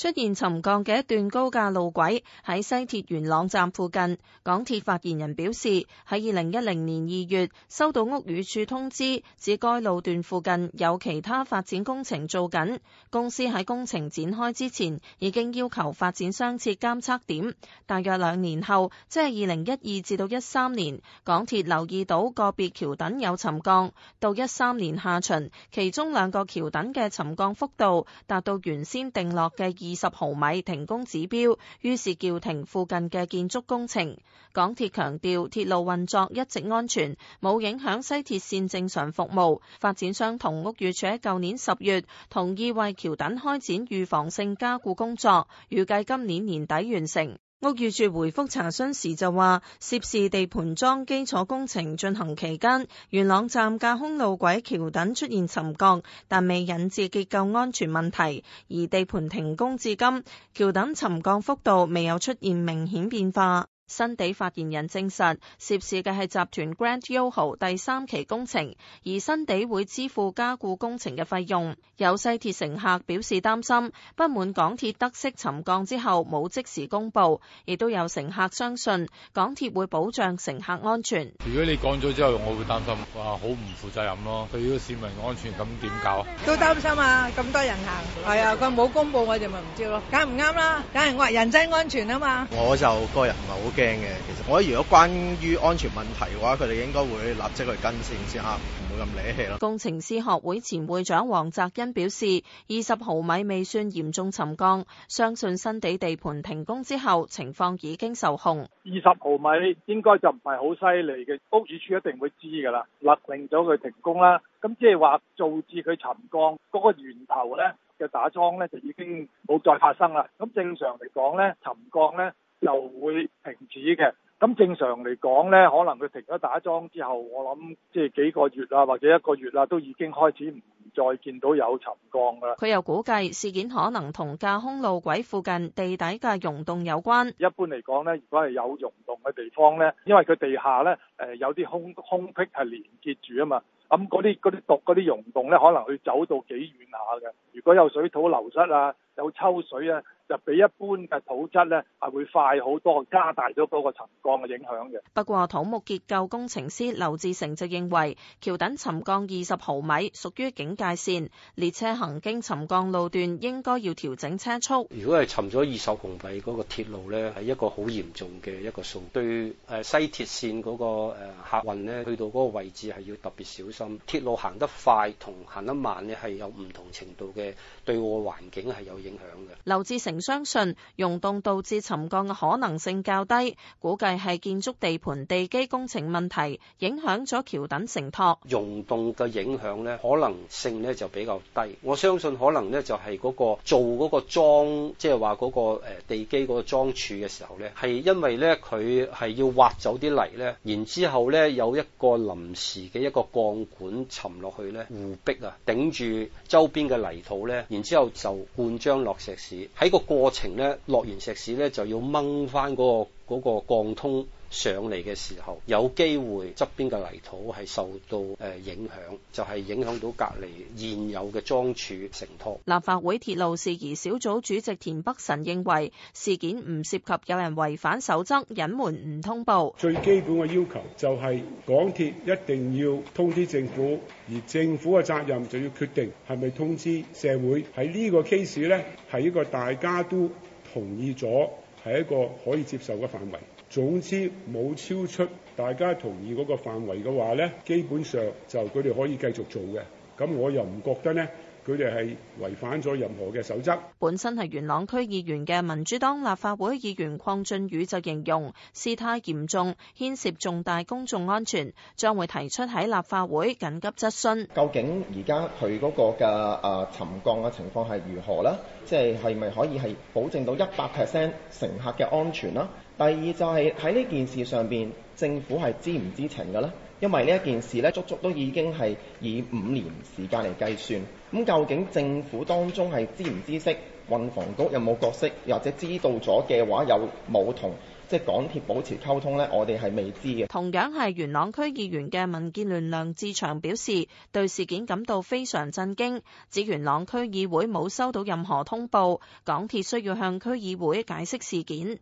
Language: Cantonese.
出現沉降嘅一段高架路軌喺西鐵元朗站附近。港鐵發言人表示，喺二零一零年二月收到屋宇署通知，指該路段附近有其他發展工程做緊。公司喺工程展開之前已經要求發展商設監測點。大約兩年後，即係二零一二至到一三年，港鐵留意到個別橋躉有沉降。到一三年下旬，其中兩個橋躉嘅沉降幅度達到原先定落嘅二二十毫米停工指標，於是叫停附近嘅建築工程。港鐵強調，鐵路運作一直安全，冇影響西鐵線正常服務。發展商同屋宇署喺舊年十月同意為橋躉開展預防性加固工作，預計今年年底完成。屋宇署回覆查詢時就話，涉事地盤樁基礎工程進行期間，元朗站架空路軌橋躉出現沉降，但未引致結構安全問題；而地盤停工至今，橋躉沉降幅度未有出現明顯變化。新地發言人證實涉事嘅係集團 Grand YOHO 第三期工程，而新地會支付加固工程嘅費用。有西鐵乘客表示擔心，不滿港鐵得悉沉降之後冇即時公佈，亦都有乘客相信港鐵會保障乘客安全。如果你講咗之後，我會擔心，哇、啊，好唔負責任咯，對於個市民嘅安全咁點搞？都擔心啊，咁多人行，係、哎、啊，佢冇公佈，我哋咪唔知咯，梗唔啱啦，梗係話人真安全啊嘛。我就個人唔係好驚驚嘅，其實我覺得如果關於安全問題嘅話，佢哋應該會立即去跟線先吓，唔會咁理氣咯。工程師學會前會長黃澤恩表示，二十毫米未算嚴重沉降，相信新地地盤停工之後，情況已經受控。二十毫米應該就唔係好犀利嘅，屋宇署一定會知㗎啦，勒令咗佢停工啦。咁即係話導致佢沉降嗰個源頭咧嘅打樁咧，就已經冇再發生啦。咁正常嚟講咧，沉降咧。就會停止嘅。咁正常嚟講呢，可能佢停咗打樁之後，我諗即係幾個月啊，或者一個月啦，都已經開始唔再見到有沉降啦。佢又估計事件可能同架空路軌附近地底嘅溶洞有關。一般嚟講呢，如果係有溶洞嘅地方呢，因為佢地下呢，誒有啲空空隙係連接住啊嘛。咁嗰啲嗰啲毒嗰啲溶洞呢，可能去走到幾遠下嘅。如果有水土流失啊。有抽水啊，就比一般嘅土質咧，係會快好多，加大咗嗰個沉降嘅影響嘅。不過土木結構工程師劉志成就認為橋躉沉降二十毫米屬於警戒線，列車行經沉降路段應該要調整車速。如果係沉咗二十毫米嗰個鐵路咧，係一個好嚴重嘅一個數，對誒西鐵綫嗰個誒客運咧，去到嗰個位置係要特別小心。鐵路行得快同行得慢咧，係有唔同程度嘅對外環境係有影。劉志成相信溶洞導致沉降嘅可能性較低，估計係建築地盤地基工程問題影響咗橋躉承托。溶洞嘅影響呢，可能性呢就比較低。我相信可能呢就係嗰個做嗰個樁，即係話嗰個誒地基嗰個樁柱嘅時候呢，係因為呢佢係要挖走啲泥呢。然之後有一個臨時嘅一個鋼管沉落去呢，護壁啊，頂住周邊嘅泥土呢。然後之後就灌漿。將落石屎喺個過程咧，落完石屎咧就要掹翻嗰個嗰個鋼通。上嚟嘅時候有機會側邊嘅泥土係受到影響，就係、誒、影響到隔離現有嘅樁柱承托。立法會鐵路事宜小組主席田北辰認為事件唔涉及有人違反守則隱瞞唔通報。最基本嘅要求就係港鐵一定要通知政府，而政府嘅責任就要決定係咪通知社會。喺呢個 case 呢，係一個大家都同意咗係一個可以接受嘅範圍。總之，冇超出大家同意嗰個範圍嘅話咧，基本上就佢哋可以繼續做嘅。咁我又唔覺得咧，佢哋係違反咗任何嘅守則。本身係元朗區議員嘅民主黨立法會議員鄺俊宇就形容事態嚴重，牽涉重大公眾安全，將會提出喺立法會緊急質詢。究竟而家佢嗰個嘅啊沉降嘅情況係如何咧？即係係咪可以係保證到一百 percent 乘客嘅安全啦？第二就係喺呢件事上面，政府係知唔知情嘅咧？因為呢一件事咧，足足都已經係以五年時間嚟計算。咁究竟政府當中係知唔知識，運房局有冇角色，或者知道咗嘅話，有冇同即係港鐵保持溝通呢？我哋係未知嘅。同樣係元朗區議員嘅民建聯梁志祥表示，對事件感到非常震驚，指元朗區議會冇收到任何通報，港鐵需要向區議會解釋事件。